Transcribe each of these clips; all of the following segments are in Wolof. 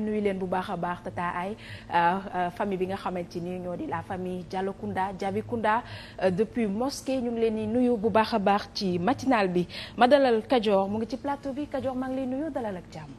nuyu leen bu baax a baax tata ay euh, euh, famille bi nga xamante ni ñoo di la famille Diallo Kounda Diaby Kounda euh, depuis mosquée ñu ngi leen di nuyu bu baax a baax ci matinal bi ma dalal Kajoor mu ngi ci plateau bi Kajoor maa ngi lay nuyu dalal ak jàmm.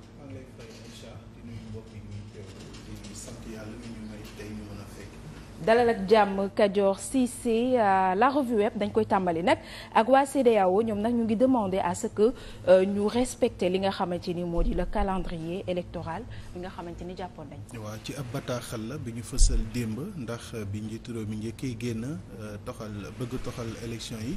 dalal ak jàmm Kajoor Cissé euh, la revue web dañ koy tàmbali nag ak waa CEDEAO ñoom nag ñu ngi demander à ce que euh, ñu respecter li nga xamante ni moo di le calendrier électoral bi nga xamante ni jàppoon nañ waaw ci ab bataaxal la bi ñu fësal démb ndax euh, bi njiitu réew mi njëkkee génn toxal bëgg toxal élection yi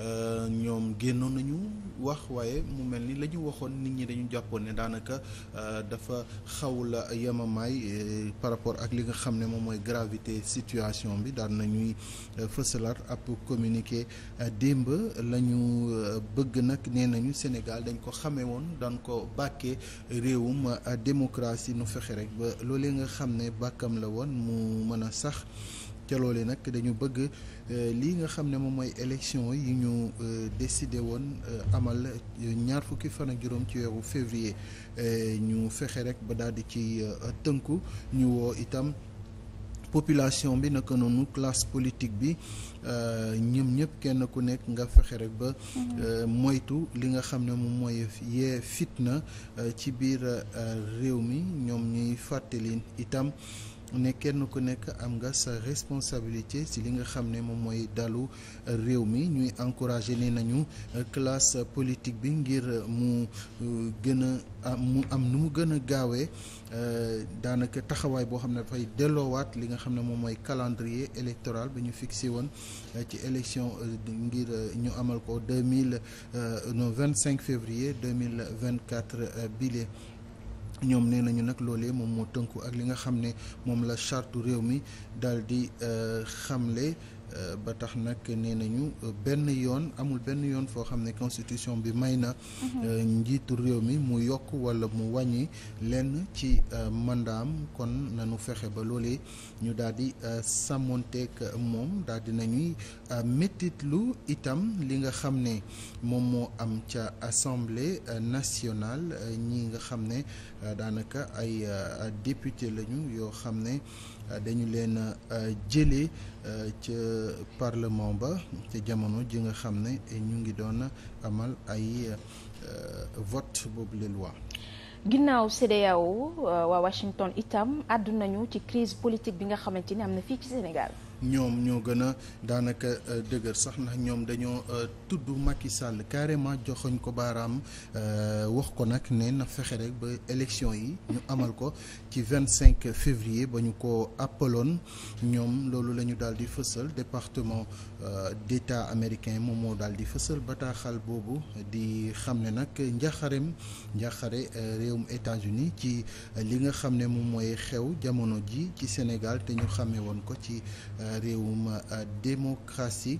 Euh, ñoom génnoon nañu wax waaye mu mel ni la ñu waxoon nit ñi dañu jàppoon ne daanaka euh, dafa xawla yemamaay euh, par rapport ak li nga xam ne moom mooy gravité situation bi daan nañuy fësalaat ab communiqué démb la ñu bëgg nag nee nañu Sénégal dañ ko xamee woon daan ko bàkkee réewum démocratie nu fexe rek ba loolee nga xam ne bàkkam la woon mu mën a sax ca loolee nag dañu bëgg. Euh, lii nga xam ne moom mooy élection yi ñu euh, décidé woon euh, amal ñaar fukki fan ak juróom ci weeru février ñu fexe rek ba daal di ci tënku ñu woo itam population bi naka noonu classe politique bi ñoom ñëpp kenn ku nekk nga fexe rek ba mhm. moytu li nga xam ne moom mooy yee fitna ci biir réew mi ñoom ñuy fàttali itam. ne kenn ku nekk am nga sa responsabilité si li nga xam ne moom mooy dalu réew mi ñuy encouragé ne nañu classe politique bi ngir mu euh, gën a mu am nu mu gën a gaawee euh, daanaka taxawaay boo xam ne dafay delloowaat li nga xam ne moom mooy calendrier électoral bi ñu fixé woon euh, ci élection ngir ñu amal ko deux mille non vingt cinq février deux mille vingt quatre bile ñoom nee nañu nag loole moom moo tënku ak li nga xam ne moom la charte réew mi daal di euh, xamle Euh, ba tax nag ne nañu euh, benn yoon amul benn yoon foo xam ne constitution bi may na mhm. euh, njiitu réew mi mu yokk wala mu wàññi lenn ci mandaam kon nañu fexe ba loole ñu daal di sàmmonteeg moom daal di nañuy méttitlu itam li nga xam ne moom moo am ca assemblée nationale ñi nga xam ne daanaka ay député lañu yoo xam ne dañu leen jëlee ca parlement ba ca jamono ji nga xam ne ñu ngi doon amal ay euh, vote boobu le loi ginnaaw CEDEAO euh, waa Washington itam àddu nañu ci crise politique bi nga xamante ni am na fii ci Sénégal ñoom ñoo gën a daanaka euh, dëgër sax ndax ñoom dañoo euh, tudd Macky Sall carrément joxoñ ko baaraam euh, wax ko nag ne na fexe rek ba élection yi ñu amal ko ci vingt cinq février ba ñu ko appaloon ñoom loolu la ñu daal di fësal département Euh, d'état américain moom moo daal di fësal bataaxal boobu di xam ne nag njaxarem njaxare euh, réewum États-Unis ci li nga xam ne moom mooy xew jamono ji ci Sénégal te ñu xamee woon ko ci euh, réewum démocratie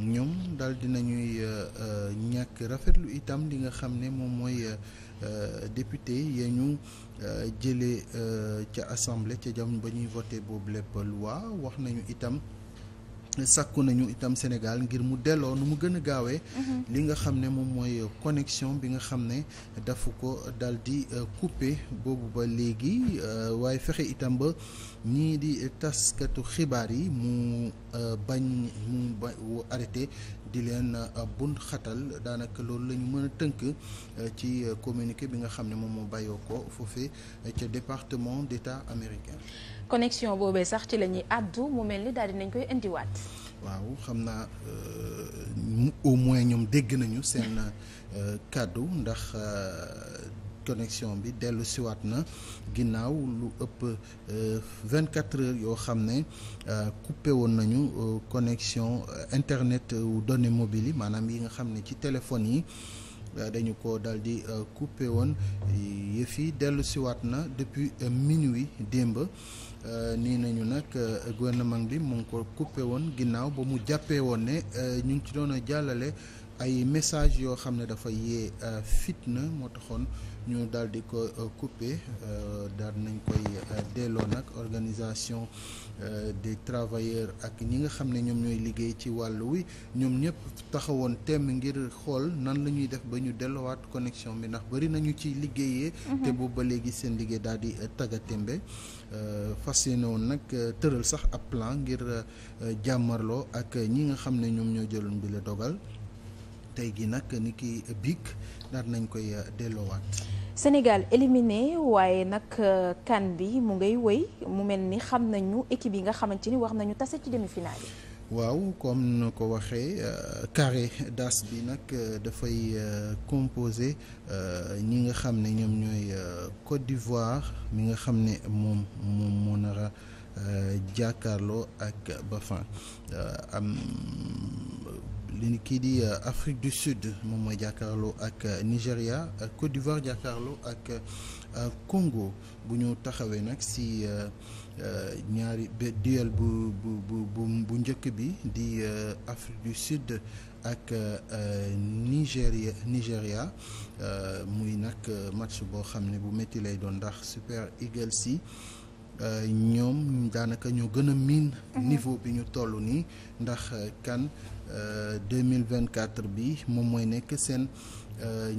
ñoom daal dinañuy ñàkk rafetlu itam li nga xam ne moom mooy député ya ñu jëlee ca assemblée ca jamono ba ñuy voté boobu lépp loi wax nañu itam sàkku nañu itam Sénégal ngir mu delloo nu mu gën a gaawee mhm. li nga xam ne moom mooy connexion bi nga xam ne dafa ko dal di euh, coupé boobu ba léegi euh, waaye fexe itam ba ñii di taskatu xibaar yi mu euh, bañ mu ba arrêté di leen bunt xatal daanaka loolu lañu ñu mën a tënk ci communiqué bi nga xam ne moom moo bàyyoo ko foofu ca département d'État américain connexion boobee sax ci la ñuy àddu mu mel ni daal dinañ koy indiwaat. waaw xam naa euh, au moins ñoom dégg nañu seen euh, kàddu ndax. Euh, connexion bi dellu siwaat na ginnaaw lu ëpp vingt quatre heures yoo xam ne coupé woon nañu connexion internet wu données mobiles yi maanaam yi nga xam ne ci téléphone yi dañu ko daal di coupé woon yëf yi dellu siwaat na depuis minuit démb Euh, nii nañu nag euh, gouvernement bi mu ngi ko coupé woon ginnaaw ba mu jàppee woon ne euh, ñu ngi ci doon a jàllale ay message yoo xam ne dafa yee fitna moo taxoon ñu daal di ko coupé daal nañ koy delloo nag organisation des travailleurs ak ñi nga xam ne ñoom ñooy liggéey ci wàll wi ñoom ñëpp taxawoon temm ngir xool nan la ñuy def ba ñu delluwaat connexion bi ndax bari nañu ci liggéeyee. Mm-hmm. te boobu ba léegi seen liggéey daal di taggatémbe Euh, fas yéene woon nag euh, tëral sax ab plan ngir euh, jàmmarloo ak ñi nga xam ne ñoom ñoo jëloon bi la dogal tey gi nag ni ki biig daal nañ koy delloowaat. Sénégal éliminé waaye nag kan bi mu ngay woy mu mel ni xam nañu équipe yi nga xamante ni wax nañu tase ci demi-finale waaw comme na ko waxee euh, carré d'as bi nag euh, dafay euh, composé ñi nga xam ne ñoom ñooy Côte d'Ivoire mi nga xam ne moom moom moo nara jàkkaarloo ak bafan am li kii di Afrique du Sud moom mooy jàkkaarloo ak Nigéria Côte d'Ivoire jàkkaarloo ak kongo bu ñu taxawee nag si. Euh, ñaari duel bu bu bu bu njëkk bi di euh, Afrique du Sud ak nigeria euh, Nigéria muy nag match boo xam ne bu métti lay doon ndax Super Eagles yi ñoom daanaka ñoo gën a miin mhm. niveau bi ñu toll nii ndax kan 2024 bi moom mooy nekk seen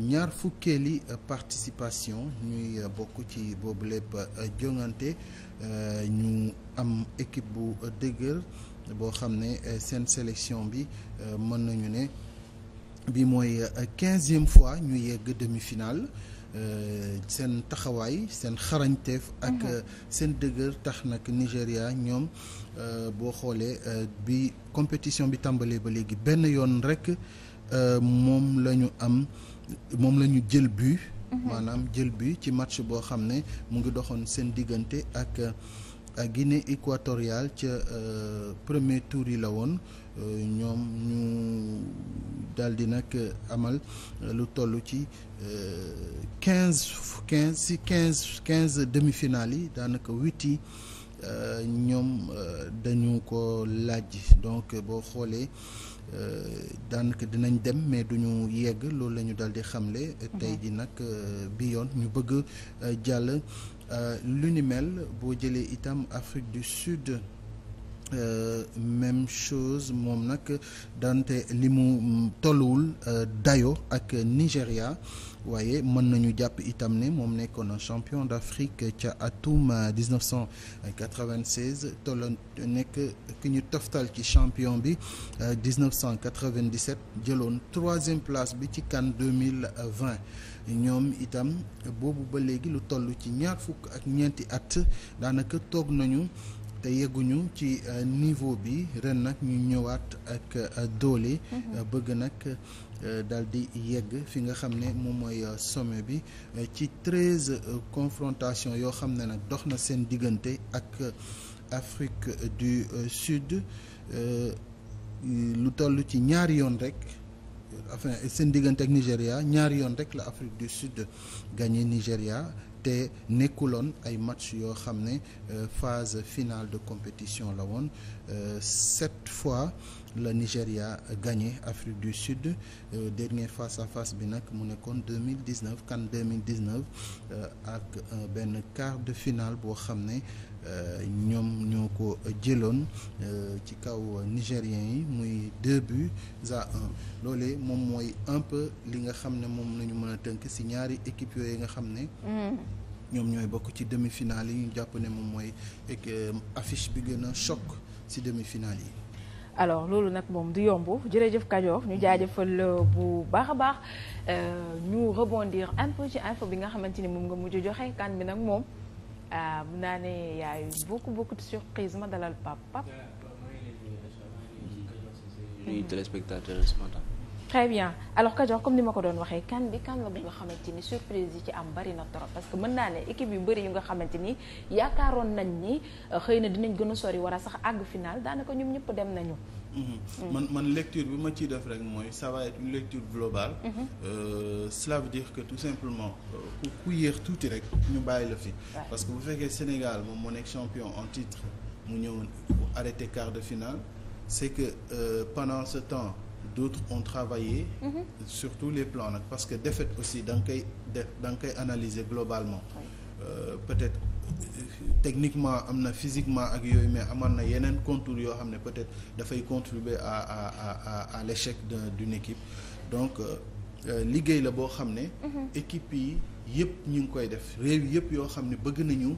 ñaar fukkeeli participation ñuy bokk ci boobu lépp jongante Euh, ñu am équipe bu dëgër boo xam ne euh, seen sélection bi euh, mën nañu ne bi mooy quinzième fois ñu yegg demi-finale seen taxawaay seen xarañteef ak mhm. seen dëgër tax nag Nigéria ñoom boo xoolee bi compétition bi tàmbalee ba léegi benn yoon rekk moom lañu am moom la ñu jël bu Mm-hmm. maanaam jël bi ci match boo xam ne mu ngi doxoon seen diggante ak ak Guinée équatoriale ca euh, premier tour yi la woon euh, ñoom ñu daal di nag amal lu toll ci euh, quinze quinze si quinze quinze demi-finales yi daanaka huit yi ñoom dañu ko laaj donc boo xoolee. Euh, daanaka dinañ dem mais du ñu yegg loolu lañu ñu daal di xamle. tey ji nag euh, bi yoon ñu bëgg euh, jàll lu ni mel boo jëlee itam Afrique du Sud. Euh, même chose moom nag daante li mu mm, tolluwul euh, dayo ak Nigéria waaye mën nañu jàpp itam ne moom nekkoon na champion d'Afrique ca atum 1996 euh, tolloon nekk ki ñu toftal ci champion bi 1997 euh, jëloon troisième place bi ci CAN 2020 ñoom itam boobu ba léegi lu toll ci ñaar fukk ak ñeenti at daanaka toog nañu. te yegguñu ci euh, niveau bi ren nag ñu ñëwaat ak euh, doole. Mm-hmm. Euh, bëgg nag daal di yegg fi nga xam ne moom mooy sommet bi ci treize confrontation yoo xam ne nag dox na seen diggante ak Afrique du Sud lu toll ci ñaari yoon rek. enfin seen diggante ak Nigéria ñaari yoon rek la Afrique du Sud gagné Nigéria te nekkuloon ay match yoo xam ne euh, phase finale de compétition la woon euh, sept fois la Nigéria gagné Afrique du Sud euh, dernier face à face bi nag mu nekkoon 2019 CAN 2019 ak benn quart de finale boo xam ne ñoom ñoo ko jëloon ci kaw nigérien yi muy deux buts à un loolee moom mooy un li nga xam ne moom nañu mën a tënk si ñaari équipe yooyu nga xam ne mm. ñoom ñooy bokk ci demi-finale yi ñu jàpp ne moom mooy euh, affiche bi gën a choc ci demi-finale yi. alors loolu nag moom du yomb jërëjëf Kajoor ñu jaajëfal bu baax a baax euh, ñu rebondir un peu ci info bi nga xamante ni moom nga mujj joxe kan bi nag moom ah, mun naa ne yaay beaucoup beaucoup de surprise ma dalal pap pap très bien alors Kajoor comme ni ma ko doon waxee kan bi kan la bu nga xamante ni surprise yi ci am bari na trop parce que mën naa ne équipe yu bëri yu nga xamante ni yaakaaroon nañ ni euh, xëy na dinañ gën a sori war a sax àgg final daanaka ñoom ñëpp dem nañu. Mm-hmm. man man lecture bi ma ciy def rek mooy ça va être une lecture globale. Mm-hmm. Euh, dire que tout simplement euh, ku yéex tuuti rek ñu bàyyi la fi. parce que bu fekkee Sénégal moom moo nekk champion en titre mu ñëw arrêté quart d'autres ont travaillé mhm. surtout les plans nag parce que défaite aussi danga nga koy def danga nga koy analyser globalement oui. Euh, peut-être euh, techniquement am na physiquement ak yooyu mais amoon na yeneen contours yoo xam ne peut-être dafay contribuer à à à à l'échec d'une équipe donc euh, liggéey la boo xam ne mhm. équipe yi yëpp ñu ngi koy def réew yëpp yoo xam ne bëgg nañu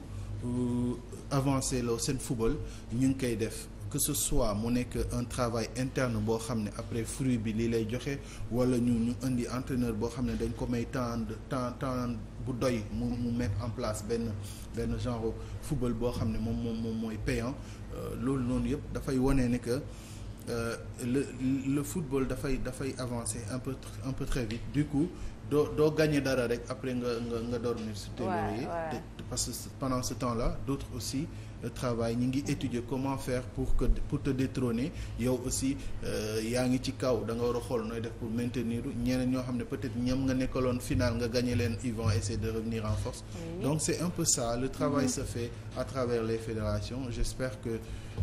avancer loo seen football ñu ngi koy def que ce soit mu nekk un travail interne boo xam ne après fruit bi lii lay joxe wala ñu ñu indi entraîneur boo xam ne dañ ko may temps temps temps bu doy mu mu mettre en place benn benn genre football boo xam ne moom moom moom mooy payon euh, loolu noonu yëpp dafay wone ne que euh, le le football dafay dafay avancer un peu un très vite du coup doo doo gagné dara rek après nga nga nga dormir sur tes lauriers parce pendant ce temps là d'autres aussi Euh, travail ñi ngi étudier comment faire pour que pour te détrôner yow aussi euh, yaa ngi ci kaw da nga war a xool nooy def pour maintenir ñeneen ñoo xam ne peut-être ñoom nga nekkaloon final nga gagné leen ils vont essayer de revenir en force donc c'est un peu ça le travail mm fait à travers les fédérations j'espère que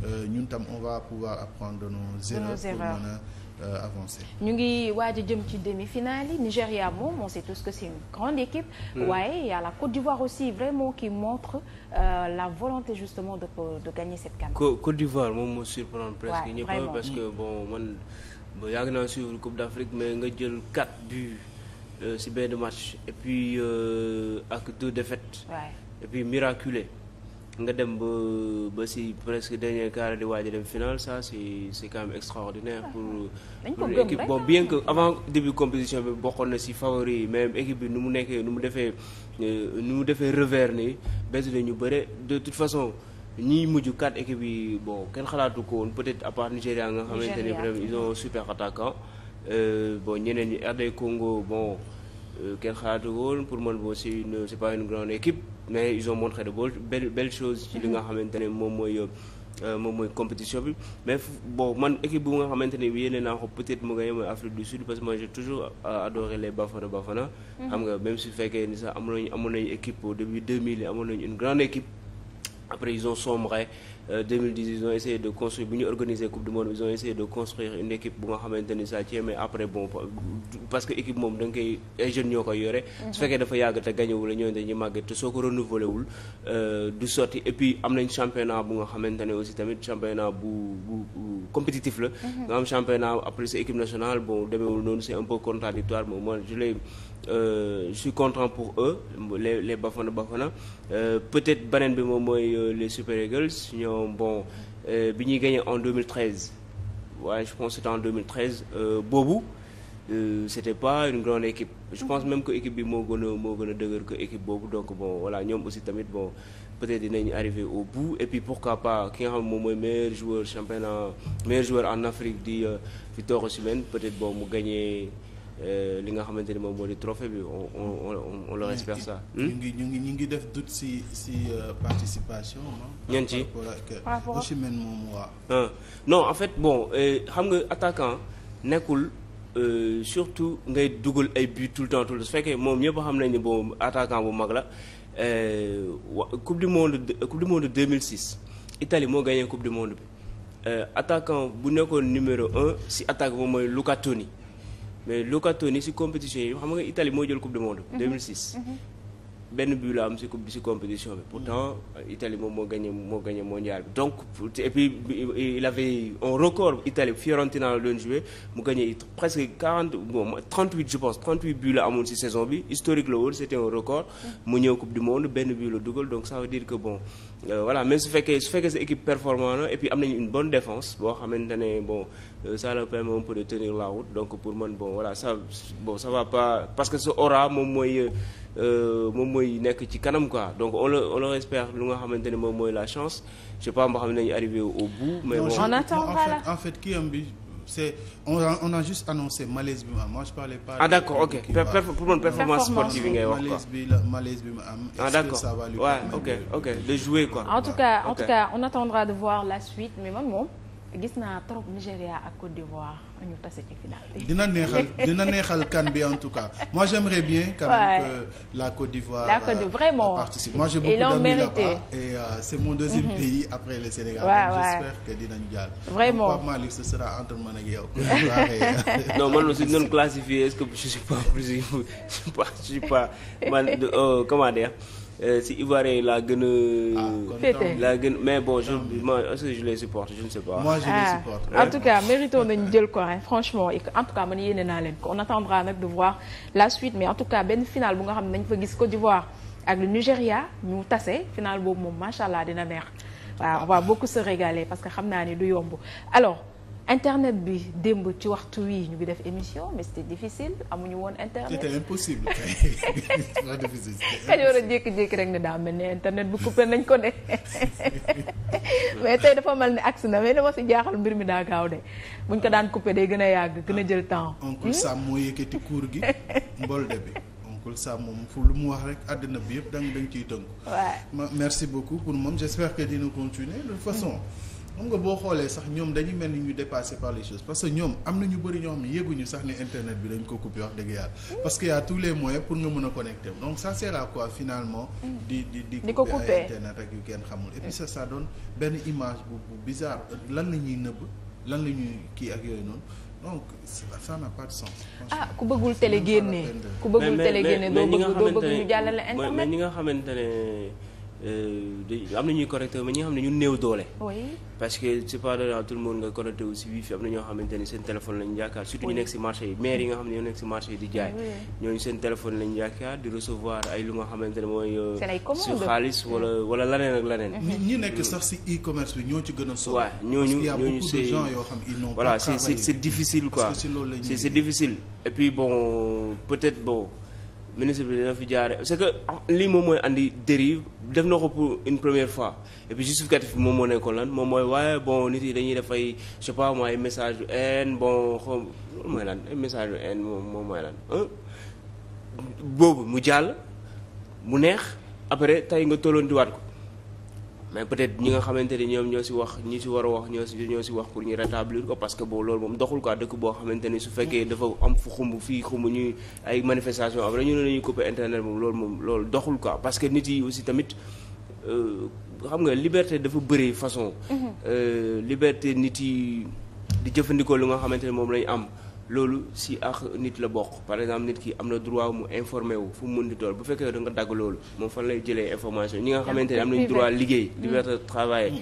euh, ñun tam on va pouvoir apprendre nos erreurs pour mën a Euh, avancé. ñu ngi waaj a jëm ci demi-finale yi Nigéria moom on sait tous que c'est une grande équipe. Mm. waaye y a la Côte d'Ivoire aussi vraiment qui montre euh, la volonté justement de gagner cette CAN. Côte d'Ivoire moom moo surprendre presque. ñëpp parce que mm. bon man ba suivre Coupe d'Afrique mais nga jël 4 buts euh, ci benn match et puis euh, deux défaites. et puis nga dem ba ba si presque dernier quart di waaj dem final ça si c'est quand même extraordinaire ah, pour pour équipe bon bien que avant début compétition bi bokkoon na si favori yi même équipe bi nu mu nekkee nu mu defee euh, ni mu defee revers ni bett nañu bëre de toute façon ñiy mujj quatre équipes yi bon kenn xalaatu ko woon peut-être à part Nigéria nga xamante ne vraiment ils ont super attaquant euh, bon ñeneen ñi RD Congo bon euh, kenn xalaatu ko pour man bon c'est une c'est pas une grande mais ils ont montré de belles belles choses ci li nga mhm. xamante ne moom mooy euh, moom mooy compétition bi mais boo man équipe bu nga xamante ne yéene naa ko peut-être mu gagné mooy Afrique du Sud parce que moi j'ai toujours euh, adoré les Bafana Bafana. Mhm. xam nga même su fekkee ni sax amoon nañu amoon nañu équipe au début amoon nañu une grande équipe. Après, ils ont sombré. 2010 euh, ils ont essayé de construire bu ñu organiser coupe du monde ils ont essayé de construire une équipe bu nga xamante ni ça tient après bon parce que équipe moom da nga koy ay jeunes ñoo koy yore. Mhm. su fekkee dafa yàgg te gañewul ñoo ñooñu dañuy màgget te soo ko renouvelé wul euh, du sotti et puis am nañ championnat bu nga xamante ne aussi tamit championnat bu bu compétitif la. Mhm. nga am championnat après sa équipe nationale bon demeewul noonu c'est un peu moom moi je Euh, je suis contrant pour eux les les Bafana Bafana euh, peut-être beneen bi moom mooy euh, les Super Eagles ñoom bon bi ñuy gagné en 2013 waaye je pense que c'était en 2013 boobu. Euh, c'était pas une grande équipe je pense même ko équipe bi moo gën a moo gën a dëgër ko équipe boobu donc bon voilà ñoom aussi tamit bon peut-être dinañu arriver au bout et puis pourquoi pas ki nga xam moom mooy meilleur joueur championnat meilleur joueur en Afrique di Victor Osimhen peut-être bon mu gañee Euh, li nga xamante ni moom moo di trophée bi on on on on ñu ngi ñu ngi def doute si si euh, participation. ñan ci par rapport ak moom waa. en fait bon euh, xam nga attaquant nekkul. Euh, surtout ngay dugal ay but tout le temps tout le su fekkee moom ñëpp xam nañ ne bon attaquant bu mag la wa coupe du monde coupe du monde 2006 Italie moo gagné coupe du monde bi attaquant bu nekkoon numéro un si attaque moom mooy Luca Toni mais Luca Toni si compétition yi xam nga Italie moo jël coupe du monde. Mhm. Mhm. benn but la am si coupe si compétition bi. pourtant Italie moom moo gagné moo gagné mondial bi donc et puis il avait un record Italie Fiorentina la doon joué mu gagné presque quarante bon trente huit je pense trente huit buts la amoon si saison bi historique la woon c' était un record. Mhm. mu ñëw coupe du monde benn but la dugal donc ça veut dire que bon. Euh, voilà mais su fekkee su fekkee sa équipe performant na et puis am nañu une bonne défense boo xamante ne bon euh, ça leur permet un peu de tenir la route donc pour man bon voilà ça bon ça va pas parce que sa ora moom mooy euh, moom mooy nekk ci kanam quoi donc on le on leur espère lu nga xamante ne moom mooy la chance je sais pas moo xam ne nañu au bout. mais bon on attend voilà en fait bi. c'est on a on a juste annoncé malaise bi mu am moi je parlais pas. ah d'accord ok pour man wax quoi malaise bi la malaise bi ah, de jouer quoi. en tout cas on attendra de voir la suite mais man moom. gis naa trop Nigéria ak Côte d'Ivoire ñu tase ci final bi. dina neexal dina neexal CAN bi en tout cas moi j'aimerais bien. quand même la Côte d'Ivoire. la Côte d'Ivoire euh, vraiment participe moi j'ai beaucoup d'amis là euh, c'est mon deuxième mhm. pays après le Sénégal. waaw j'espère que dinañu jàll. vraiment Pape Malick ce sera entre man ak yow. Euh, non man aussi non classifié est-ce que je suis pas je suis pas je man comment dire. Euh, si Ivoiriens yi laa gën a. Ah, laa gën mais bon je moi est-ce que je les supporte je ne sais ah. supporte en tout cas mérito nañu jël ko hein franchement en tout cas man yéene naa leen ko on attendra nag de voir la suite mais en tout cas benn final bu nga xam ne dañu gis Côte d'Ivoire ak le Nigéria ñu tase finale boobu moom macha allah dina neex waaw on va beaucoup se régaler parce que xam naa ni du yomb alors. internet bi démb ci waxtu wii ñu ngi def émission mais c'était difficile amuñu woon internet. c'était impossible. très difficile. kañoor a rek ne daa mel ne internet bi coupé nañ ko de mais tey dafa mel ni agsi na mais dama si jaaxal mbir mi daa gaaw de buñ ko daan coupé day gën a yàgg gën a jël ah, temps. oncle hmm? Sam moo yëkkati cour gi mbolde bi. Oncle Sam moom fu lu mu wax rek àddina bi yëpp dang dang ciy tënku. waaw merci beaucoup pour moom j'espère que dina continuer de toute façon. Hmm. xam nga boo xoolee sax ñoom dañuy mel ni ñu dépassé par les choses parce que ñoom am na ñu bëri ñoo xam ne yëguñu sax ne internet bi dañ ko coupé wax dëgg yàlla. Mm. parce que y' a tous les moyens pour nga mën a connecté donc ça sert quoi finalement. Mm. di di ko coupé ay internet ak yu kenn xamul. et puis mm. ça ça donne benn image bu bu bizarre lan la ñuy nëbb lan la ñuy kii ak yooyu noonu. donc ça n'a pas de ah ku bëggul télé génnee ku bëggul télé génnee doo bëgg doo bëgg ñu ñi nga xamante ne Euh, am na ñuy connecté mais ñi nga xam ne ñu néew doole. parce que c'est pas donné à nga connecté wu si wifi am na ñoo xamante ni seen téléphone lañu yaakaar. surtout ñu nekk si marché yi maire yi nga xam ne ñoo nekk si marché yi di jaay. ñooñu seen téléphone lañu yaakaar di recevoir ay lu nga xamante ne mooy. Euh, su xaalis wala wala laneen ak laneen. Mhm. ñi nekk sax si e-commerce bi ñoo ci gën a solo. waaw ñooñu ñooñu c'est gens yoo xam voilà c'est c'est difficile quoi. parce que si loolu lañu c'est difficile. et puis ministre bi dina fi jaare c'est que lii moom mooy andi dérive def na ko pour une première fois et puis justificatif moom moo nekkoon lan moom mooy waaye bon nit yi dañuy def ay je sais ay message yu haine message yu moom moom mooy lan boobu mu jàll mu neex après tey nga tolloon di ko mais peut-être ñi nga xamante ni ñoom ñoo si wax ñi si war a wax ñoo si ñoo wax pour ñu rétablir ko parce que boobu loolu moom doxul quoi dëkk boo xamante ni su fekkee mm. dafa am fu xumb fii xumb ñuy ay manifestation am ñu ne nañu couper internet moom loolu moom loolu doxul ko parce que nit yi aussi tamit euh, xam nga liberté dafa bëri façon mm-hmm. euh, liberté nit yi di jëfandikoo lu nga xamante ni moom lañu am loolu si ak nit la bokk par exemple nit ki am na droit mu informé wu fu mu mun ni tool bu fekkee da nga dagg loolu moom fan lay jëlee information ñi nga xamante ne am nañ droit liggéey mm. liberté de travail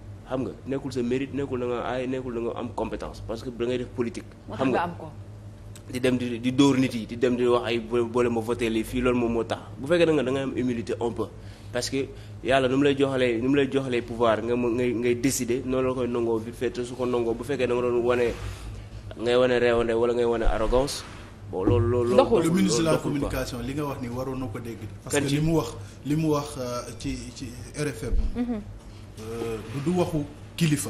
xam nga nekkul sa mérite nekkul da nga aay nekkul da nga am compétence parce que dangay ngay def politique. xam nga am ko. di dem di di dóor nit yi di dem di wax ay boole ma voté lii fii loolu moom moo tax bu fekkee da nga da ngay am humilité un peu parce que yàlla nu mu lay joxalee nu mu lay joxalee pouvoir nga ngay ngay décider noonu la koy nangoo vite ko nangoo bu fekkee da nga doon wane ngay wane réewande wala ngay wane arrogance bon loolu loolu. doxul ministre la communication li nga wax ni waroon na ko dégg. parce que li mu wax li mu wax euh, ci ci RFM. Mhm. Euh, du waxu kilifa.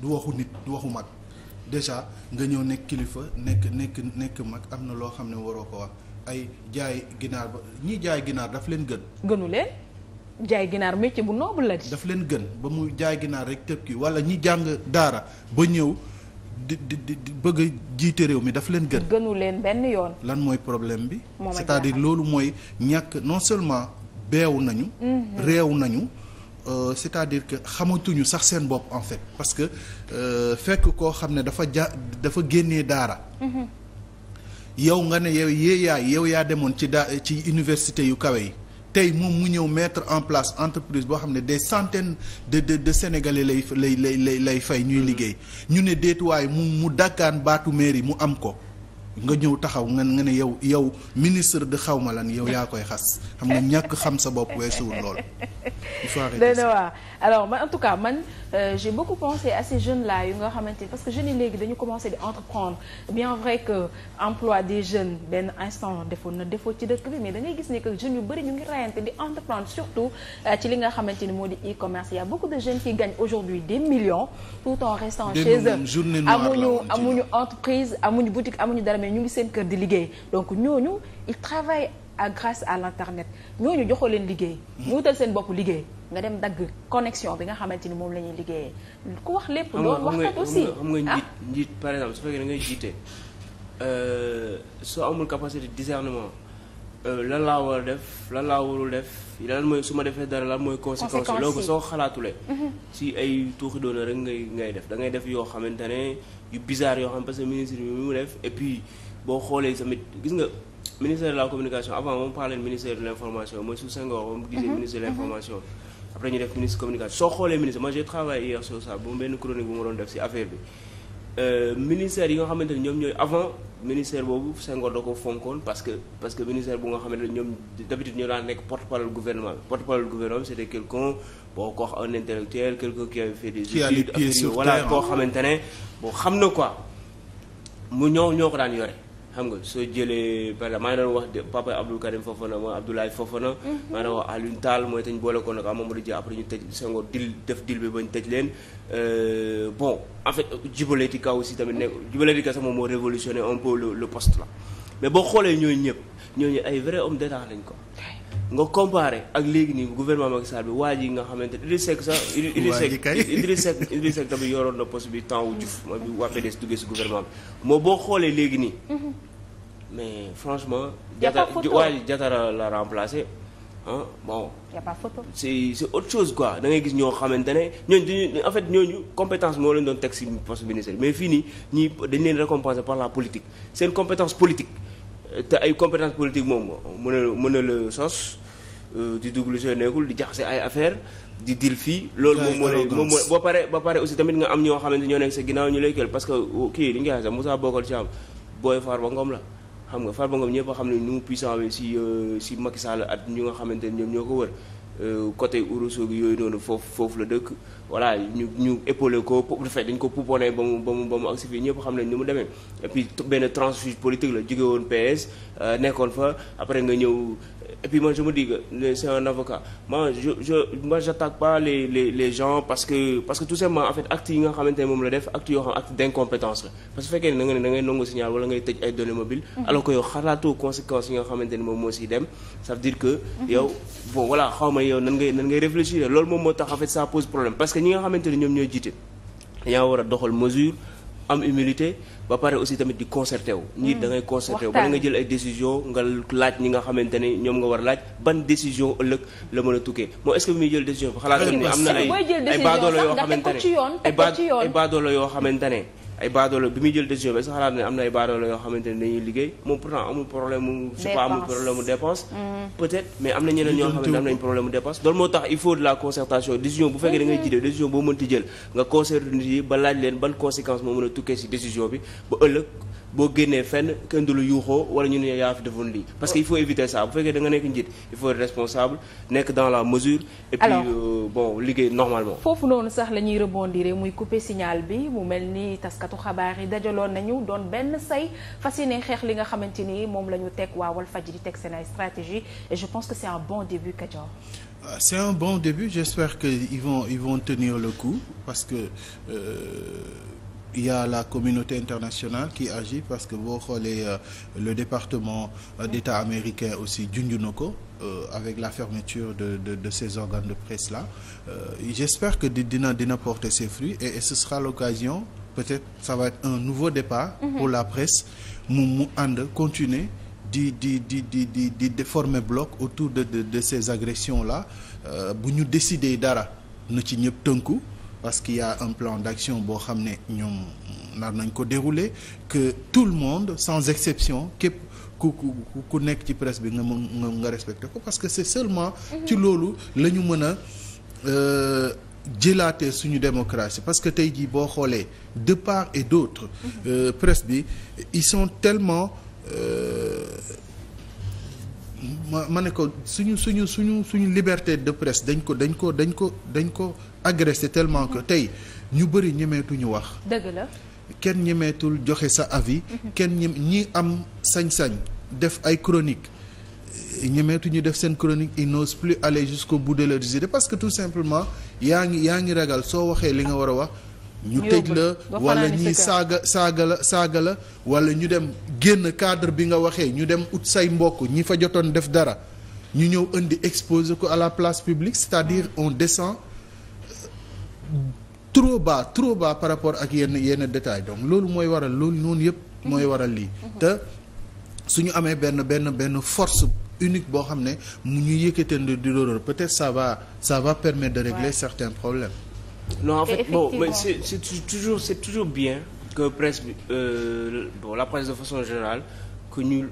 du waxu nit du waxu mag. déjà nga ñëw nekk kilifa nekk nekk nekk mag am na loo xam ne waroo ko wax ay jaay ginaar ba ñii jaay ginaar daf leen gën. gënu leen jaay ginaar métier bu noble la daf leen gën ba mu jaay ginaar rek tëb kii wala ñi jàng daara ba ñëw di di di bëgg jiite réew mi daf leen gën. gënu leen benn yoon. lan mooy problème bi. cest loolu mooy ñàkk non seulement beew nañu. Mhm. réew nañu. Euh, c'est-à-dire que xamatuñu sax seen bopp en fait parce que euh, fekk koo xam ne dafa ja dafa génne daara yow nga ne yow yee yow yaa demoon ci da ci université yu kawe yi tey moom mu ñëw mettre en place entreprise boo xam ne des centaines de de de sénégalais lay lay lay lay fay ñuy liggéey mm-hmm. ñu ne déetuwaay mu mu dàkkaan baatu mairie mu am ko nga ñëw taxaw nga nga ne yow ministre de xaw ma lan yow yaa koy xas xam nga ñàkk xam sa bopp weesuwul lool. dana waa alors man en tout euh, yu nga xamante parce que jeunes yi léegi dañu commencé di entreprendre bien vrai que emploi des jeunes benn instant defoon na défaut ci dëkk bi mais da gis ne que yu bëri ñu ngi rayante di entreprendre surtout euh, ci li nga xamante moo di e-commerce il a beaucoup de jeunes qui gagnent aujourd'hui des millions tout en restant chez ne ñu ngi seen kër di liggéey donc ñooñu ils travaillent à grâce à l'internet ñooñu joxoo leen liggéey. ñu wutal seen bopp liggéey. nga dem dagg connexion bi nga xamante ni moom la ñuy liggéeyee wax lépp. loolu wax kat aussi xam nga ah. njiit par su fekkee da ngay jiite euh, soo amul capacité de discernement euh, lan laa war a def lan laa warul def lan mooy su ma defee dara lan mooy. conséquence yi loolu soo xalaatulee. si mhm. ay tuuxi doona rek ngay ngay def da ngay def yoo xamante yu bizarre yoo xam parce que ministre bi mu def et puis boo xoolee tamit gis nga ministère de la communication avant moom parlait ministère de l' information mooy sous Senghor moom gisee mhm. ministre de mhm. ministre euh, ñoom ñooy avant ministère boobu Senghor da ko fonkoon parce que parce que ministère bu nga xamante ñoom d'habitude ñoo daan nekk porte-parole gouvernement bi porte-parole gouvernement bi c'était quelqu'un boo koo un intellectuel quelqu'un qui avait fait des études affaires voilà xamante ne bon xam na quoi mu ñoo ñoo ko daan yore xam nga soo jëlee par exemple maa ngi doon wax papa Abdou Karim Fofana ma Abdoulaye Fofana. Mm-hmm. maa ngi doon wax Alioune Tall mooy te ñu ko nag ah Mamadou Dia après ñu tëj Senghor def dil bi ba leen. Euh, bon en fait Djibo Leyti Ka aussi tamit nekk Djibo Leyti sax moom moo révolutionné un peu le le poste mais boo xoolee ñooñu ñëpp ñooñu ay vrai homme d'état lañ ko. nga comparé ak léegi nii gouvernement Macky Sall bi waa ji nga xamante Idriss Seck sax. Idriss Seck Idriss Seck Idriss Seck tamit yoroon na poste bi temps wu Diouf mooy bi waa PDS duggee si gouvernement bi moo boo xoolee léegi nii. Mm-hmm. mais franchement. jata waa ji jatara la remplacé ah bon. y a pas photo. chose quoi da gis ñoo xamante ne ñooñu dañuy en fait ñooñu compétence moo leen doon teg si post ministère mais fii nii ñii dañ leen récompenser par la politique seen compétence politique te ay politique moom mën mën na la sos. Euh, di double jeu nekkul di jaxase ay affaire di dil fii loolu moom moo moom moo ba pare ba pare aussi tamit nga am ñoo xamante ñoo nekk sa ginnaaw ñu lay kel parce que oh, kii li nga xam sax Moussa Bocar Thiam booy Farba nga Farba Ngom ñëpp a xam ne nu mu puissant bi si euh, si Macky Sall at ñu nga xamante ne ñoom ñoo ko wër euh, côté Ourossogui yooyu noonu foofu foofu la dëkk voilà ñu ñu épaulé ko bu fekkee dañ ko pouponné ba mu ba mu ba mu agsi fii ñëpp xam nañ ni mu demee et puis benn transfuge politique la jóge woon PS nekkoon fa après nga ñëw et puis moi je me dis que c'est avocat moi je je moi j'attaque pas les les les gens parce que parce que tout simplement en acte yi nga xamante ne moom la def acte yoo xam acte d'incompétence la parce que fekkee ne nga ne da ngay nangu signal wala ngay tëj ay données mobiles mm-hmm. alors que yow xalaatoo conséquences yi nga xamante ne moom moo siy dem ça veut dire que mm-hmm. yow bon voilà xaw ma yow nan ngay nan ngay réfléchir loolu moom moo tax en fait ça pose problème parce que ñi nga a doxal am humilité ba pare aussi tamit di concerté wu. nit mm. da ngay concerté wu ba nga jël ay décision nga laaj ñi nga xamante ne ñoom nga war a laaj ban décision ëllëg la mën a tukkee moom est-ce muy jël décision bi xalaatoon ni am na ay ay baadoolo yoo xamante ne ay baadoolo yoo xamante ne ay baadoola bi muy jël décision bi sax xalaat ne am na ay baadoola yoo xamante ne liggéey moom pourtant amul problème mu je sais pas amul problème mu dépense mm. peut-être mais am na ñeneen ñoo xamante ne am nañ problème mu dépense loolu moo tax il faut la concertation décision bu fekkee da ngay mhm. jiite décision boo mënti jël nga concerté nit yi ba laaj leen ban conséquence moo mën a tukkee ci décision bi ba ëllëg boo génnee fenn kenn du la yuuxoo wala ñu ne yaa fi defoon lii parce que il faut éviter ça bu fekkee da nekk njiit il faut être responsable nekk dans la mesure et puis euh, bon liggéey normalement foofu noonu sax la ñuy muy couper signal bi mu mel ni taskatu xabaar yi dajaloon nañu doon benn say fas yéene xeex li nga xamante ni moom la ñu teg waa Walfadjri teg seen ay stratégie et je pense que c'est un bon début Kajoor ah, c'est un bon début j'espère que ils vont ils vont tenir le parce que euh, il a la communauté internationale qui agit parce que boo xoolee euh, le département euh, d'État américain aussi junj na ko euh, avec la fermeture de de de ces organes de presse là j'espère que dina dina porter ses fruits et, et ce sera l'occasion peut-être ça va être un nouveau départ mm-hmm. pour la presse mu mu ànd continuer di di di di di di déformer bloc autour de de de ces agressions là bu ñu décider dara na ci ñëpp tënku parce qu'il y a un plan d'action boo xam ne ñoom nar nañ ko dérouler que tout le monde sans exception képp ku ku ku nekk ci presse bi nga mën nga respecté ko parce que c'est seulement mhm. ci loolu la ñu mën a euh, jëlaatee suñu démocratie parce que tey jii boo xoolee de part et d'autre mhm. euh, presse bi ils sont tellement euh, ma ma ne ko suñu suñu suñu suñu liberté de presse dañ ko dañ ko dañ ko dañ ko agressé tellement que tey ñu bëri ñemeetuñu wax. dëgg kenn ñemeetul joxe sa avis. Mhm. kenn ñem ñi am sañ-sañ def ay chronique ñemeetuñu def seen chronique ils n'osent plus aller jusqu'au bout de leurs idées parce que tout simplement yaa ngi yaa ngi ragal soo waxee li nga war a wax. ñu tëj la wala ñii saaga saaga la saaga la wala ñu dem génn cadre bi nga waxee ñu dem ut say mbokk ñi fa jotoon def dara ñu ñëw indi exposé ko à la place publique c'est-à-dire on descend euh, trop bas par rapport ak yenn yenn détails donc loolu mooy waral loolu noonu yëpp mooy mhm. waral lii mhm. te su ñu amee benn benn benn force unique boo xam ne mu ñu yëkkatandi di loolu peut-être ça va ça va permettre de régler ouais. certains problèmes non en bon mais c'est c'est toujours c'est toujours bien que presse bi euh, bon la presse de façon générale que ñu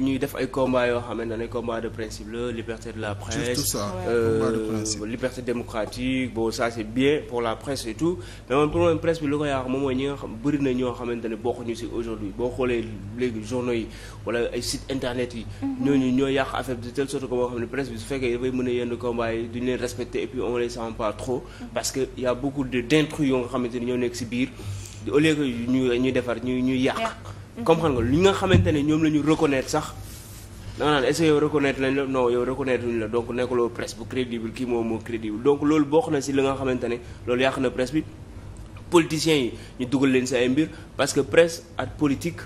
ñuy def ay combats yoo xamante ne combat de principe la liberté de la presse. surtout ça euh, combat de principe liberté démocratique bon ça c'est bien pour la presse et tout mais man problème bi lu ko yàq moom mooy ñi nga xam bëri na ñoo xamante ne bokkuñu ci aujourd'hui boo xoolee léegi journaux yi wala ay site internet yi. Mhm. ñooñu ñoo yàq affaire bi de telle sorte que boo xam ne presse bi su fekkee dafay mën a yenn combats yi duñ leen respecter et puis on les sent pas trop. Mhm. parce que y a beaucoup de d'intrus yoo nga xamante ne ñoo nekk ci biir au lieu ñuy defar ñu ñuy yàq. comme xam nga li nga xamante ne ñoom la ñu reconnaître sax da nga naan est-ce que yow reconnaître lañ la non yow reconnaître luñ la donc nekkuloo presse bu crédible kii moom moo crédible donc loolu bokk na si li nga xamante ne loolu yàq na presse bi politiciens yi dugal leen si ay mbir parce que presse ak politique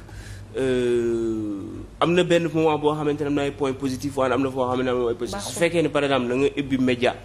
euh, am na benn moment boo xamante ne am na ay point positif am na foo xamante ne am su fekkee ne par exemple da nga ubbi média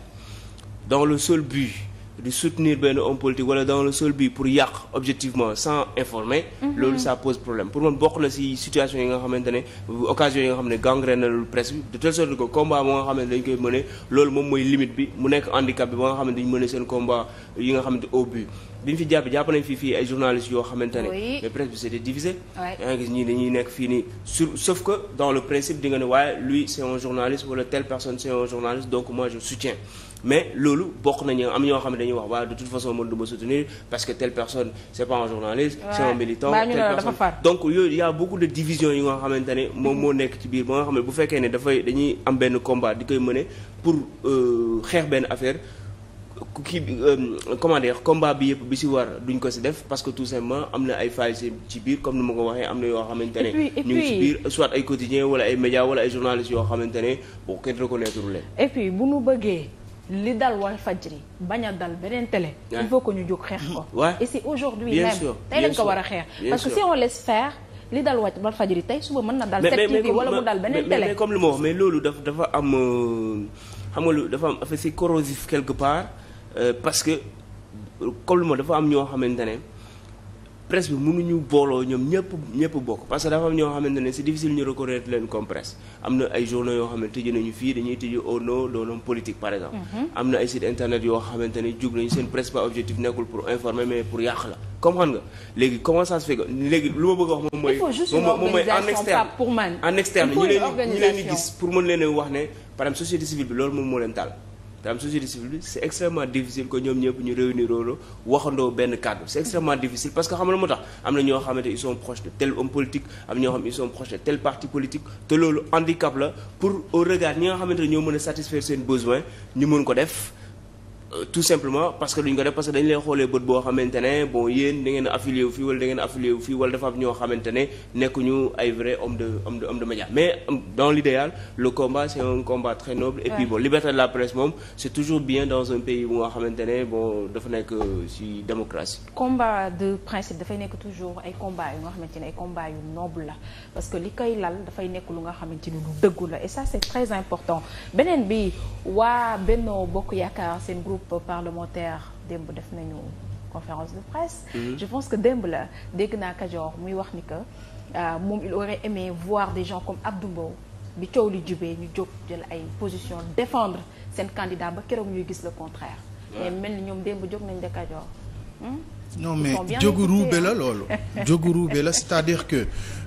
dans le seul but di soutenir benn homme politique wala dans le seul but pour yàq objectivement sans informer. Mhm. loolu ça pose problème pour man bokk na si situation yi nga xamante ne occasion yi nga xam ne gangrène na loolu presse bi de telle sorte que moom mooy limite bi mu nekk handicap bi ba nga xamante dañu mëne seen combat yi nga xamante au but. bi fi jàpp jàpp nañ fii fii ay journalistes yoo xamante ne. mais presse bi c'était divisé. yaa ngi gis ñii dañuy nekk fii nii sur sauf que dans le principe di nga ne waaye lui c'est wala telle personne c'est un journaliste donc moi mais loolu bokk nañu am ñoo xam ne dañuy wax waaw de toute façon mën du ma parce que telle personne c'est pas un journaliste c'est un militant telle personne donc yooyu y a beaucoup de yi nga xamante ne moom moo nekk ci biir ba nga xam ne bu fekkee ne dafay dañuy am benn combat di koy mëne pour euh, xeex benn affaire kii euh, comment dire combat bi yëpp bi si war duñ ko si def parce que tout simplement am na ay failles ci biir comme ni ma ko waxee am na yoo xamante ne. ñu ngi si wala ay médias wala ay journalistes yoo xamante ne boo kenn reconnaître leen. et puis bu li dal Walfadjri bañ a dal beneen télé. il faut que ñu jóg xeex ko. et c'est aujourd'hui même tey lañ ko war a xeex. parce que si on laisse faire li dal Walfadjri tey suba mën na dal. mais mais wala mu dal beneen télé mais comme lu ma wax mais loolu dafa dafa am euh, xam lu dafa am affaire c'est corrosif quelque part euh, parce que comme li ma dafa am ñoo xamante ne. presse bi mënuñu booloo ñoom ñëpp ñëpp bokk parce que dafa am ñoo xamante ne difficile ñu reconnaître leen comme presse am na ay journaux yoo xam tëj nañu fii dañuy tëj au nom d'un homme par exemple. Mm-hmm. am na ay site internet yoo xamante ne jug nañu seen presse pas objectif nekkul pour informer mais pour yàq la comme xam nga léegi comment ça se léegi lu ma bëgg a wax moom mooy. il faut juste une en externe ñu leen ñu leen gis pour mën te am société civile bi c' est extrêmement difficile que ñoom ñëpp ñu réunir loolu waxandoo benn kàddu c' extrêmement difficile parce que xam nga tax am na ñoo xamante ils sont tel homme politique am ñoo xam ils sont proches de tel parti politique te loolu handicap la pour au regard ñi nga xamante ne ñoo mën a satisfaire seen besoin ñu mën ko def Euh, tout simplement parce que duñ ko def parce que dañ leen xoolee bët boo xamante ne bon yéen da ngeen fii wala da ngeen fii wala dafa am ñoo xamante ne nekkuñu ay vrai homme de homme de homme mais euh, dans l'idéal le combat c'est un combat très noble et liberté de la presse moom c'est toujours bien dans un pays bu nga xamante ne bon dafa nekk ci euh, démocratie combat de principe dafay nekk toujours ay combat yu noble la parce que li koy lu nga xamante ni lu dëggu la et ça c'est très important beneen groupe parlementaire démb def nañu conférence de presse. Mm-hmm. je pense que démb la dégg naa Kajoor muy wax ni que euh, moom il aurait aimé voir des gens comme Abdou Mbow bi coow li jubee ñu jóg jël ay position défendre seen candidat ba keroog ñuy gis la contraire. mais mel ni ñoom démb jóg nañ de Kajoor. Hmm? non mais jógu ruube la loolu jógu ruube la c'est-à-dire que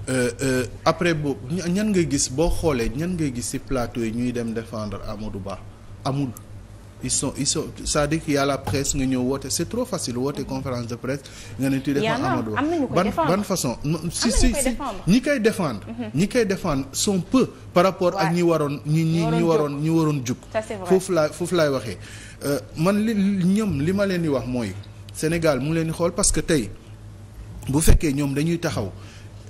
euh, euh, après boobu ñan nga gis boo xoolee ñan ngay gis ci plateau yi ñuy dem défendre Amadou Ba amul. ils sont ils sont cest à a la presse nga ñëw woote c'est trop facile woote conférence de presse nga ne tu défends Amadou Ba ban façon si si ñi koy défendre mhm. ñi koy défendre sont peu par rapport ak ñi waroon ñi ñi ñi waroon ñi waroon jug foofu laa foofu laay waxee euh, man li ñoom li ma leen di wax mooy Sénégal mu leen di xool parce que tey bu fekkee ñoom dañuy taxaw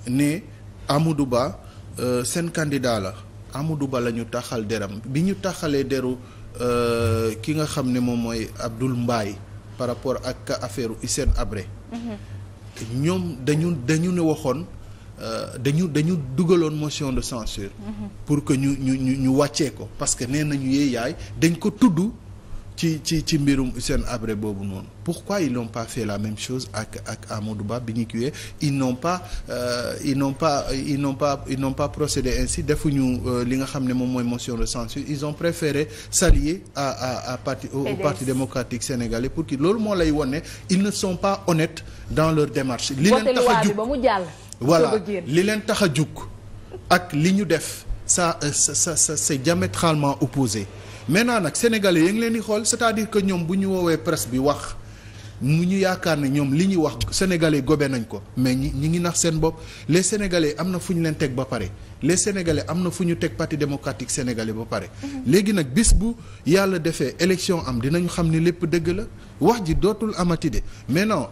ne Amadou Ba euh, seen candidat la Amadou Ba la ñu taxal deram bi ñu taxalee deru Euh, ki nga xam ne moom mooy Abdoul mbaay par rapport ak affaire Hissène Habré mm-hmm. ñoom dañu dañu ne waxoon euh, dañu dañu dugaloon motion de censure mm-hmm. pour que ñu ñu ñu wàccee ko parce que nee nañu yee yaay dañ ko tudd ci ci ci mbirum Hissène Habré boobu noonu pourquoi ils n'ont pas fait la même chose ak ak Ba bi ñu ku euh, ils n'ont pas ils n'ont pas ils n'ont pas ils procédé ainsi defuñu euh, li nga xam ne moom mooy motion de censure ils ont préféré sa à à à parti au parti démocratique sénégalais pour que loolu moo lay wone ils ne sont pas honnêtes dans leur démarche li leen tax a jug li leen tax a jug ak li ñu def sa sa ça c'est euh, diamétralement opposé maintenant nag sénégalais yi ngi leen di xool c'est-à-dire que ñoom bu ñu woowee presse bi wax mu ñu yaakaar ne ñoom li ñuy wax sénégalais gobe nañ ko mais ñi ñi ngi nax seen bopp les sénégalais am na fu ñu leen teg ba pare les sénégalais am na fu ñu teg parti démocratique sénégalais ba pare. Mhm. léegi nag bis bu yàlla defee élection am dinañu xam ne lépp dëgg la wax ji dootul amati de mais non.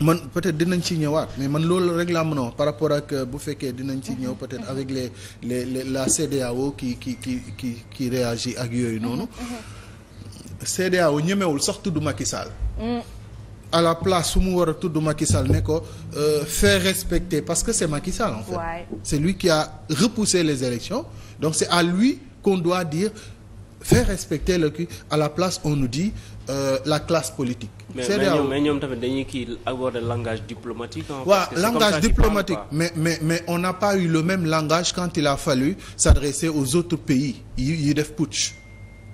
man peut-être dinañ ci ñëwaat mais man loolu rek laa mën a wax par rapport ak euh, bu fekkee dinañ ci ñëw mhm. peut-être mhm. avec les les, les la CEDEAO qui qui qui qui qui réagit ak yooyu noonu. Mhm, CEDEAO ñemewul sax tudd Macky Sall. Mm. à la place su mu war a tudd Macky Sall ne ko euh, faire respecter parce que c'est Macky Sall en fait. Ouais. c'est lui qui a repoussé les élections donc c'est à lui qu'on doit dire faire respecter ki à la place on nous dit Euh, la classe politique. mais mais ñoom tamit dañuy kii langage diplomatique. Hein, ouais, parce que langage mais on n'a pas eu le même langage quand il a fallu s'adresser aux autres pays yi def putsch.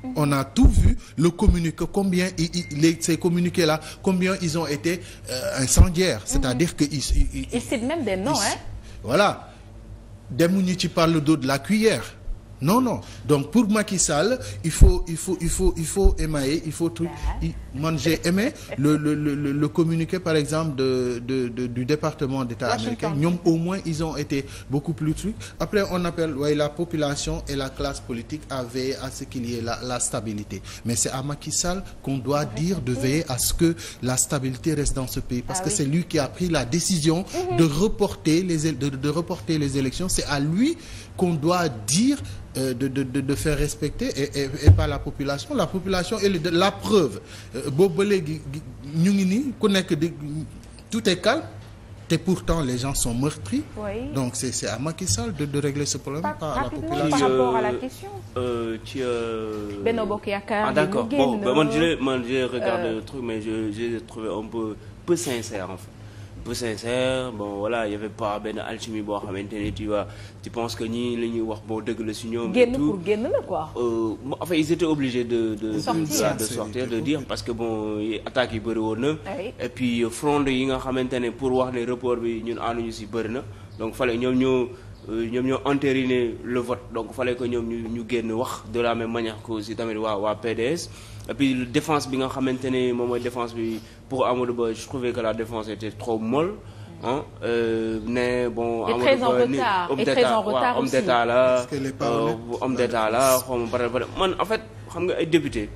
Mhm. on a tout vu le communiqué combien i les ces communiqués là combien ils ont été euh, incendiaires. Mhm. c'est-à-dire que ils même des noms voilà demuñu ci par le dos de la cuillère. non non donc pour Macky Sall il faut il faut il faut il faut émailler il faut tout man j'ai aimé le le le le communiqué par exemple de de, de du département d'État américain ñoom au moins ils ont été beaucoup plus trucs après on appelle waaye ouais, la population et la classe politique à veiller à ce qu'il y ait la la stabilité mais c'est à Macky Sall qu'on doit dire de veiller à ce que la stabilité reste dans ce pays parce ah, que oui. c'est lui qui a pris la décision mm -hmm. de reporter les de, de reporter les élections c'est à lui qu'on doit dire euh, de, de, de, de faire respecter et, et, et pas la population la population et la preuve euh, boobu ba léegi ñu ngi nii ku nekk di tout est calme te pourtant les gens sont meurtris donc c'est c'est à Macky Sall de de régler ce problème par, par la population par rapport à la euh, question Yaakaar ah d'accord bon man je man je regarde le mais j'ai trouvé un peu sincère en peu sincère bon voilà y avait pas benn alchimie boo xamante ne tu vois tu penses que ñii li ñuy wax boo dëgg la si ñoom. génn pour génn la quoi. Euh, en fait ils étaient obligés de de. sortir de sortir de dire parce que bon attaques yi bëri na. Ah et puis fronde yi nga xamante ne pour wax ne report bi ñun ñu si bëri na donc fale ñoom ñoo. Euh, ñoom ñoo entériné le vote donc fallait que ñoom ñu ñu génn wax de la même manière que aussi tamit waa waa PDS et puis bi nga xamante ni moom mooy défense bi pour Amadou Ba je trouvais la défense était trop molle ah ne bon. Amadou Ba ni euh, homme d'État waaw homme d'État la homme d'État la xaw ma pare pare man en fait xam nga ay député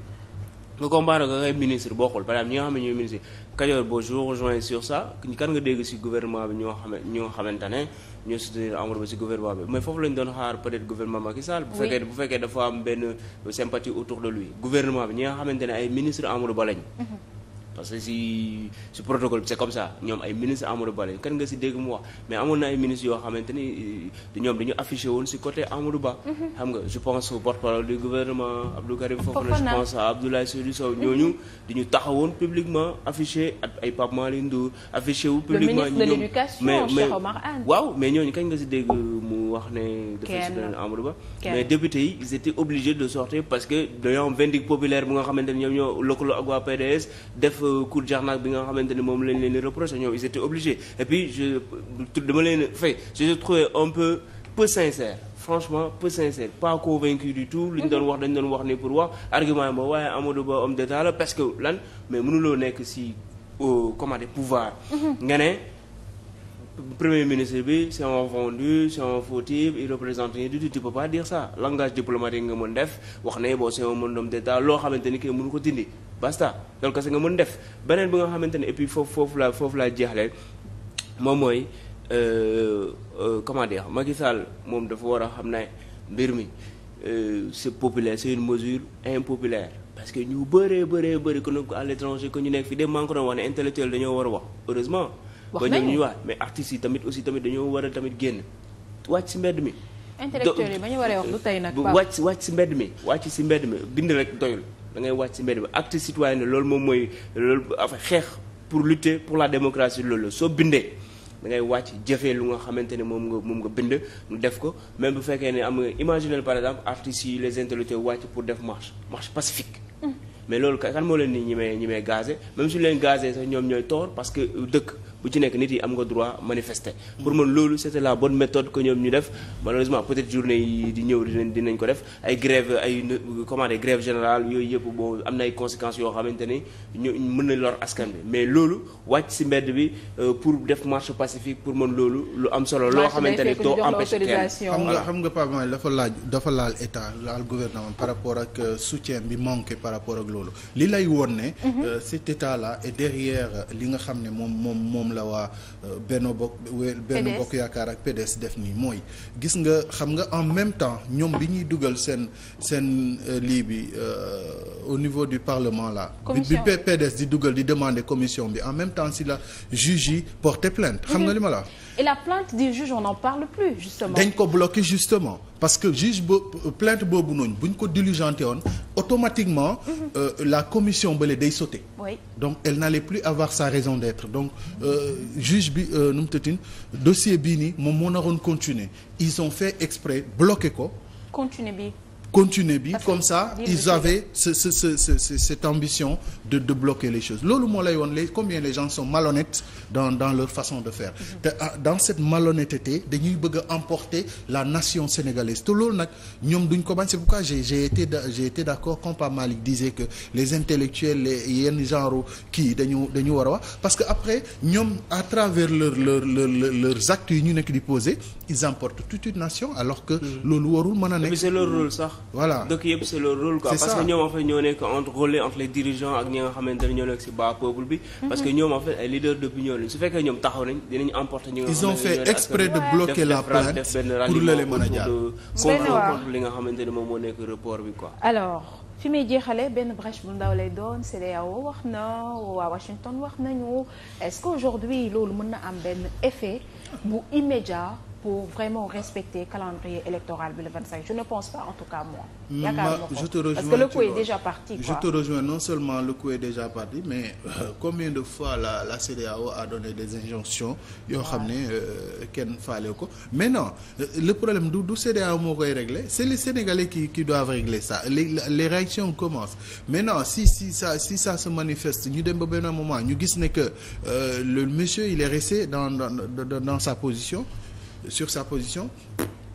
nga comparé ko ay ministre bokkul par exemple ñi nga xam ne ñooy ministre Kajoor boo je vous rejoins sur ça kan nga dégg ci gouvernement bi ñoo xam ñoo xamante ne ñoo soutenir Amadou gouvernement bi mais foofu lañ doon xaar peut-être gouvernement Macky Sall. bu fekkee bu fekkee dafa am benn sympathie autour de lui gouvernement bi ñi nga xamante ne ay ministre Amadou Ba lañ. Mhm. parce que si si protocole bi c'est comme ça ñoom ay ministre Amadou Ba lañu kan nga si dégg mu wax mais amoon na ay ministres yoo xamante ni eh, ñoom dañu affiché woon si côté Amadou Ba. Mhm. xam nga je pense au porte-parole du gouvernement Abdou Karim Fofana je pense à Abdoulaye Seydou Sow mhm. ñooñu dañu taxawoon publiquement affiché ak ay Pape Malick Ndour affiché wu publiquement ñoom le ministre de l'éducation Cheikh Oumar Anne waaw mais ñooñu kañ nga si dégg mu wax ne. dafa si doon Amadou Ba mais député yi ils étaient obligés de sortir parce que dañoo am vindicte populaire bu nga xamante ni ñoom ñoo lëkkaloo ak waa PDS def. coup de jarnac bi nga xamante ni moom lañ leen di reproché ñoom ils étaient obligés et puis je dama leen fay je les trouvais un peu peu sincère franchement peu sincère pas convaincu du tout lu ñu doon wax dañu doon wax ni pour wax argument ba waaye Amadou Ba homme d'état la parce que lan mais mënuloo nekk si comment dire pouvoir nga ne premier ministre bi c'est un vendu c'est un fautif il représente rien du tout tu peux pas dire ça langage diplomatique nga mën def wax ne boo c'est un homme d'état loo xamante ni kay mënu ko dindi basta loolu kese nga mën def beneen bi nga xamante ne et foofu foofu la foofu laa jeexle moom mooy euh, euh, comment dire Macky Sall moom dafa war a xam ne mbir mi euh, c'est populaire c'est une mesure impopulaire parce que ñu bëree bëree bëri que ne à l'étranger que ñu nekk fi de maa ngi ko doon wax ne intellectuel dañoo war a wax heureusement ba ñoom ñuy wax mais artistes yi tamit aussi tamit dañoo war a tamit génn wàcc si mbedd mi intellectuel ba ñu waree wax du tey nag wàcc wàcc si mbedd mi wàcc si mbedd mi bind rek doyul da ngay wàcc ci mbedd bi acte citoyen loolu moom mooy loolu xeex pour lutter pour la démocratie loolu soo bindee da ngay wàcc jëfee lu nga xamante ne moom nga moom nga bind mu def ko même bu fekkee ne am nga imaginer par exemple artistes yi les intellectuels wàcc pour def marche marche pacifique mm. mais loolu kan moo leen ni ñi mee ñi mee gazé même suñu leen gazé sax ñoom ñooy toor parce que dëkk bu ci nekk nit yi am nga droit manifester. pour man loolu c'était la bonne méthode que ñoom ñu def malheureusement peut-être journée yi di ñëw dinañ ko def ay grève ay comment dire grève générale yooyu yëpp boo am na ay conséquences yoo xamante ni ñu mën na lor askan bi mais loolu wàcc si mbedd bi euh, pour def marche pacifique pour man loolu lu am solo loo xamante ni doo empêcher kenn xam nga xam nga Pape Mahaly dafa laaj laal état laal gouvernement par rapport ak euh, soutien bi manqué par rapport ak loolu li lay woon mm-hmm. euh, li nga xam ne moom moom moom moom la waa euh, Benno Bokk Benno Bokk Yaakaar ak PDS def nii mooy gis nga xam nga en même temps ñoom bi ñuy dugal seen seen euh, lii bi euh, au niveau du parlement là bi PDS di dugal di demande commission bi en même temps si la juge yi porter plainte xam nga mm-hmm. li ma la Et la plainte du juge, on n'en parle plus, dañ ko bloqué justement parce que juge boobu euh, plainte boobu noonu bu ñu ko diligenté woon automatiquement. Mhm. Euh, la commission bële day sauter. oui donc elle n'allait plus avoir sa raison d'être donc euh, juge bi euh, nu mu tëtin dossier bii nii moom moo naroon continuer ils ont fait exprès bloqué ko. continuer bi. continuer bi comme ça ils avaient cette ambition de de bloquer les choses loolu moo lay woon les combien les gens sont malhonnêtes dans dans leur façon de faire mm-hmm. te ah, dans cette malhonnêteté dañuy bëgg a emporter la nation sénégalaise te loolu nag ñoom duñ ko bañ c'est pourquoi j'ai j'ai été d'accord quand Pape Malick disait que les intellectuels les genre kii dañu dañu war a wax parce que après ñoom à travers leur leur leur leurs actes y ñu nekk di poser ils emportent toute une nation alors que mm-hmm. loolu warul voilà dëkk yëpp c'est leur rôle quoi. parce que ñoom en fait ñoo nekk entre relais entre les ak ñi nga xamante ne ñoo nekk ci bas peuple bi. Mhm. parce que ñoom en fait ay leaders d'opinion lañ su fekkee ñoom taxaw nañ dinañ emporter. ñi nga xamante ne a xamante ne moom moo nekk report bi quoi. alors. fi muy jeexalee benn brèche bu ndaw lay doon CEDEAO wax na waa Washington wax nañu est-ce qu'aujourd'hui loolu mën na am benn effet bu immédiat pour vraiment respecter calendrier électoral bi le 25 je ne pense pas en tout cas moi. je te rejoins non seulement le coup est déjà parti mais euh, combien de fois la la CEDEAO a donné des injonctions. yoo xam ne euh, kenn faale ko mais non euh, le problème du du CEDEAO moo koy régler c' est les Sénégalais qui qui doivent régler ça les les réactions commencent maintenant si si ça se manifeste ñu dem ba benn moment ñu gis ne que euh, le monsieur il est resté dans dans dans, dans sa position. sur sa position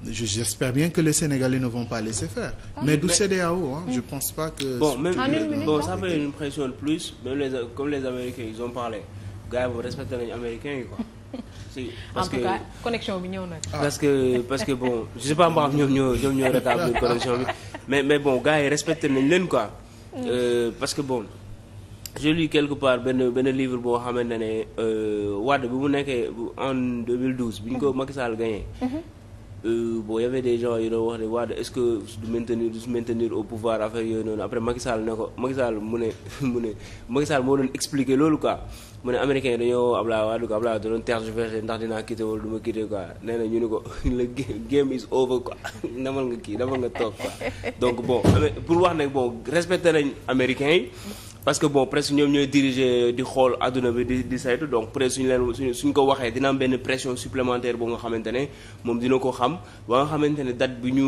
j'espère bien que les Sénégalais ne vont pas laisser faire. Ah. mais du CEDEAO hein, mm. je pense pas que. bon même ah, bon une pression de plus même les comme les Américains ils ont parlé gars yi respecté Américains yi bi ñëw na. Ah. parce que parce que bon je sais pas mbaa ñoom ñoo ñoom mais mais bon gars yi respecté nañ leen quoi. Mm. Euh, parce que bon. j'ai lu quelque part benn benn livre boo xamante ne euh, Wade bi mu nekkee en 2012 bi ñu ko Macky Sall gagné. Mhm. Euh, bon y avait des gens yu doon wax ne Wade est-ce que du maintenir du maintenir au pouvoir affaire yooyu noonu après Macky ne ko Macky Sall mu ne mu ne Macky Sall moo doon expliquer loolu quoi mu ne américain yi dañoo Ablaye Wade ko Ablaye da doon tergiversé ndax dinaa quitté wala du ma quitté nee na ñu ne ko le game is over quoi demal nga kii demal nga toog donc bon pour wax ne bon respecté nañ américain yi. parce que bon presque ñoom ñoo diriger di xool àdduna bi di di saytu donc presque suñu leen ko waxee dina benn pression supplémentaire boo nga xamante ne moom dina ko xam ba nga xamante ne date bu ñu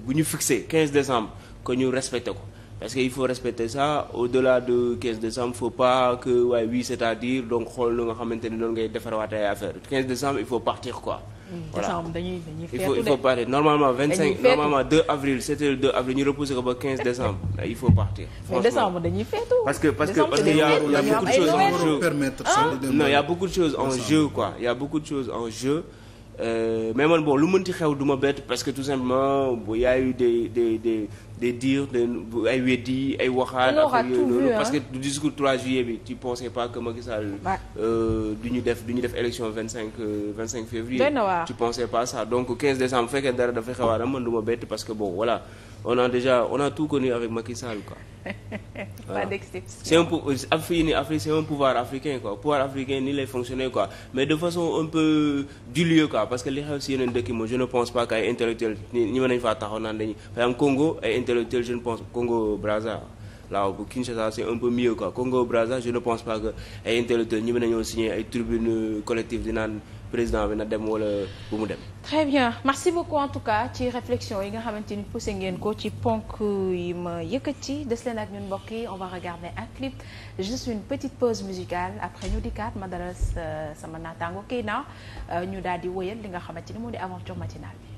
bu ñu fixé 15 décembre que ñu respecté ko parce que il faut respecter ça au-delà de 15 décembre faut pas que waaye ouais, c'est-à-dire donc xool lu nga xamante ne noonu ngay defarawaatee affaire 15 décembre il faut partir quoi voilà décembre dañuy dañuy il faut il faut partir normalement 25 normalement avril c'était le avril ñu repousser ko ba 15 décembre il faut partir. mais décembre dañuy feetu. parce que parce que parce que y a y a en jeu non y a beaucoup de choses en ah. jeu quoi y a beaucoup de choses en jeu. Euh, mais man bon lu mënti xew du ma bett parce que tout simplement il y a eu des des des. day dire ay weddi ay waxaat ak yooyu noonu parce que discours 3 juillet bi tu pensais pas que Macky Sall euh, du ñu def du ñu def élection vingt cinq euh, vingt cinq février tu pensais pas ça donc 15 décembre bu fekkee dara dafay xewaat mën du ma bett parce que bon voilà on a déjà on a tout connu avec Macky Sall quoi. voilà c'est un pou euh, fii pouvoir africain quoi pouvoir africain nii lay fonctionner quoi mais de façon un peu du lieu parce que li xew si yeneen dëkk yi moom je ne pense pas que ay intellectuels ñi mën nañu faa taxaw naan dañuy par exemple Congo ay intellectuels je ne pense Congo Brazza là bu c'est un peu mieux quoi Congo Brazza je ne pense pas que ay intellectuels ñi mën nañoo signer ay tribune collective di président bi na dem wala bu mu dem. très bien merci beaucoup en tout cas ci réflexion yi nga xamante ni poussé ngeen ko ci ponk yi ma yëkkati des leen ak ñun mbokk yi on va regarder un clip juste une petite pause musicale après ñu dikkaat ma dalal euh, sama naataango kii naa euh, ñu daal di wëyal li nga xamante ni moo di aventure matinale bi.